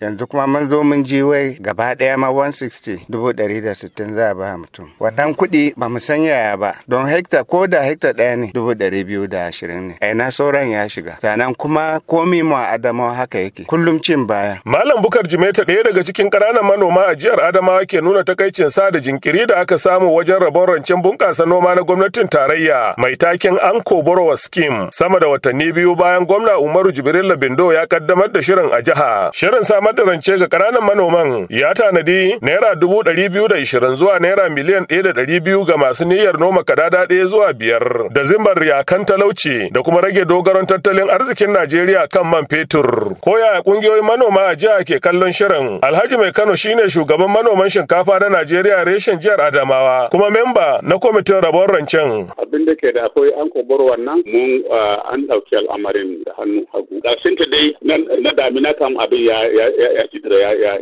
yanzu kuma mun zo mun ji wai gaba ɗaya ma 160 za a ba mutum wannan kuɗi ba mu san yaya ba don hekta ko da hekta ɗaya ne dubu da ashirin ne Aina sauran ya shiga sannan kuma komi mu a adamawa haka yake kullum cin baya. malam bukar jimeta ɗaya daga cikin ƙananan manoma a jihar adamawa ke nuna takaicin sa da jinkiri da aka samu wajen rabon rancen bunƙasa noma na gwamnatin tarayya mai takin anko borowa scheme sama da watanni biyu bayan gwamna umaru jibril Bindo, ya kaddamar da shirin a jiha shirin sama. madarance rance ga ƙananan manoman ya tanadi naira dubu ɗari biyu da ishirin zuwa naira miliyan ɗaya da ɗari biyu ga masu niyyar noma kadada ɗaya zuwa biyar da zimbar yakan talauci da kuma rage dogaron tattalin arzikin Najeriya kan man fetur. Koya ƙungiyoyin manoma a jiha ke kallon shirin. Alhaji Mai Kano shine shugaban manoman shinkafa na Najeriya reshen jihar Adamawa kuma memba na kwamitin rabon rancen. Abin da ke da akwai an kubar wannan mun ah, an ɗauki al'amarin da hannu hagu. Ga dai na damina kam abin ya ya kidira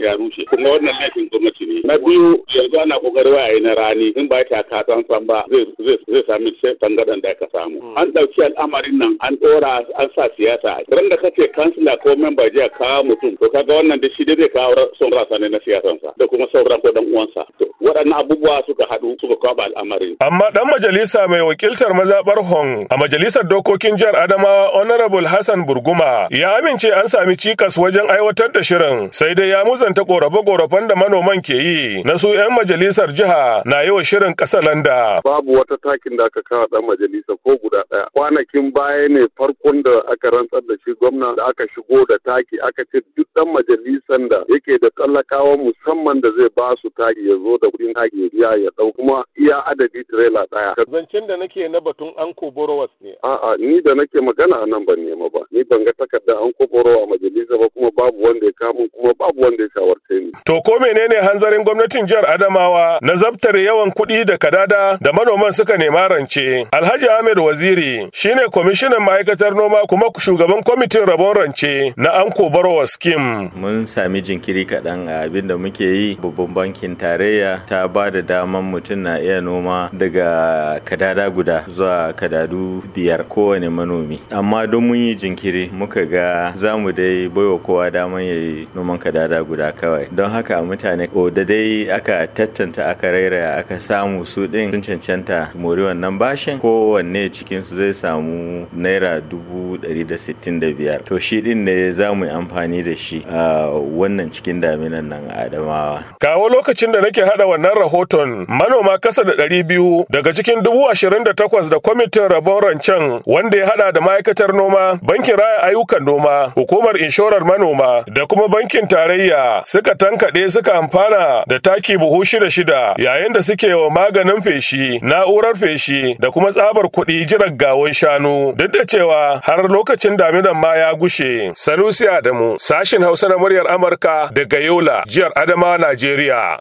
ya rushe kuma wannan laifin gwamnati ne na biyu yanzu ana kokarin wayaye na rani in ba ta ka tsantsan ba zai sami tangadan da ka samu hmm. an ɗauki al'amarin nan an ɗora an sa siyasa ran da kace kansila ko memba jiya kawo mutum to kaga wannan da shi dai zai kawo son rasa ne na siyasansa da kuma sauran ko dan uwansa waɗannan abubuwa suka haɗu suka kwaba al'amarin amma dan majalisa mai wakiltar mazaɓar Hong a majalisar dokokin jihar Adamawa Honorable Hassan Burguma ya amince an sami cikas wajen aiwatar da shirin bangaren sai dai ya musanta korafe-korafen da manoman ke yi na su 'yan majalisar jiha na yi wa shirin ƙasa landa. Babu wata takin da aka kawo ɗan majalisa ko guda ɗaya. kwanakin baya ne farkon da aka rantsar da shi gwamna da aka shigo da taki aka ce duk dan majalisan da yake da tsallakawa musamman da zai ba su taki ya zo da kudin taki ya ya dau kuma iya adadi tirela daya zancen da nake na batun anko borowas ne a'a ni da nake magana nan ban nema ba ni ban ga takarda anko borowa a majalisa ba kuma babu wanda ya kama kuma babu wanda ya shawarce ni to ko menene hanzarin gwamnatin jihar Adamawa na zabtare yawan kuɗi da kadada da manoman suka nema rance Alhaji Ahmed Waziri shine kwamishinan ma'aikatar noma kuma shugaban kwamitin rabon rance na Anko Barwa Scheme. Mun sami jinkiri kaɗan a abin da muke yi babban bankin tarayya ta ba da daman mutum na iya noma daga kadada guda zuwa kadadu biyar kowane manomi. Amma don mun yi jinkiri muka ga za mu dai baiwa kowa daman ya yi noman kadada guda kawai. Don haka mutane o da dai aka tattanta aka rairaya aka samu su ɗin sun cancanta mori wannan bashin kowanne cikinsu zai samu naira dubu dari da sittin da biyar to shi ɗin ne za mu yi amfani da shi a wannan cikin daminan nan adamawa. kawo lokacin da nake haɗa wannan rahoton manoma kasa da ɗari biyu daga cikin dubu ashirin da takwas da kwamitin rabon rancen wanda ya haɗa da ma'aikatar noma bankin raya ayyukan noma hukumar inshorar manoma da kuma bankin tarayya suka tankaɗe suka amfana da taki buhu shida shida yayin da suke wa maganin feshi na'urar feshi da kuma tsabar kuɗi jiran gawo kawun shanu duk da cewa har lokacin daminan ma ya gushe. Sanusi Adamu sashin Hausa na muryar Amurka daga Yola jihar Adamawa Najeriya.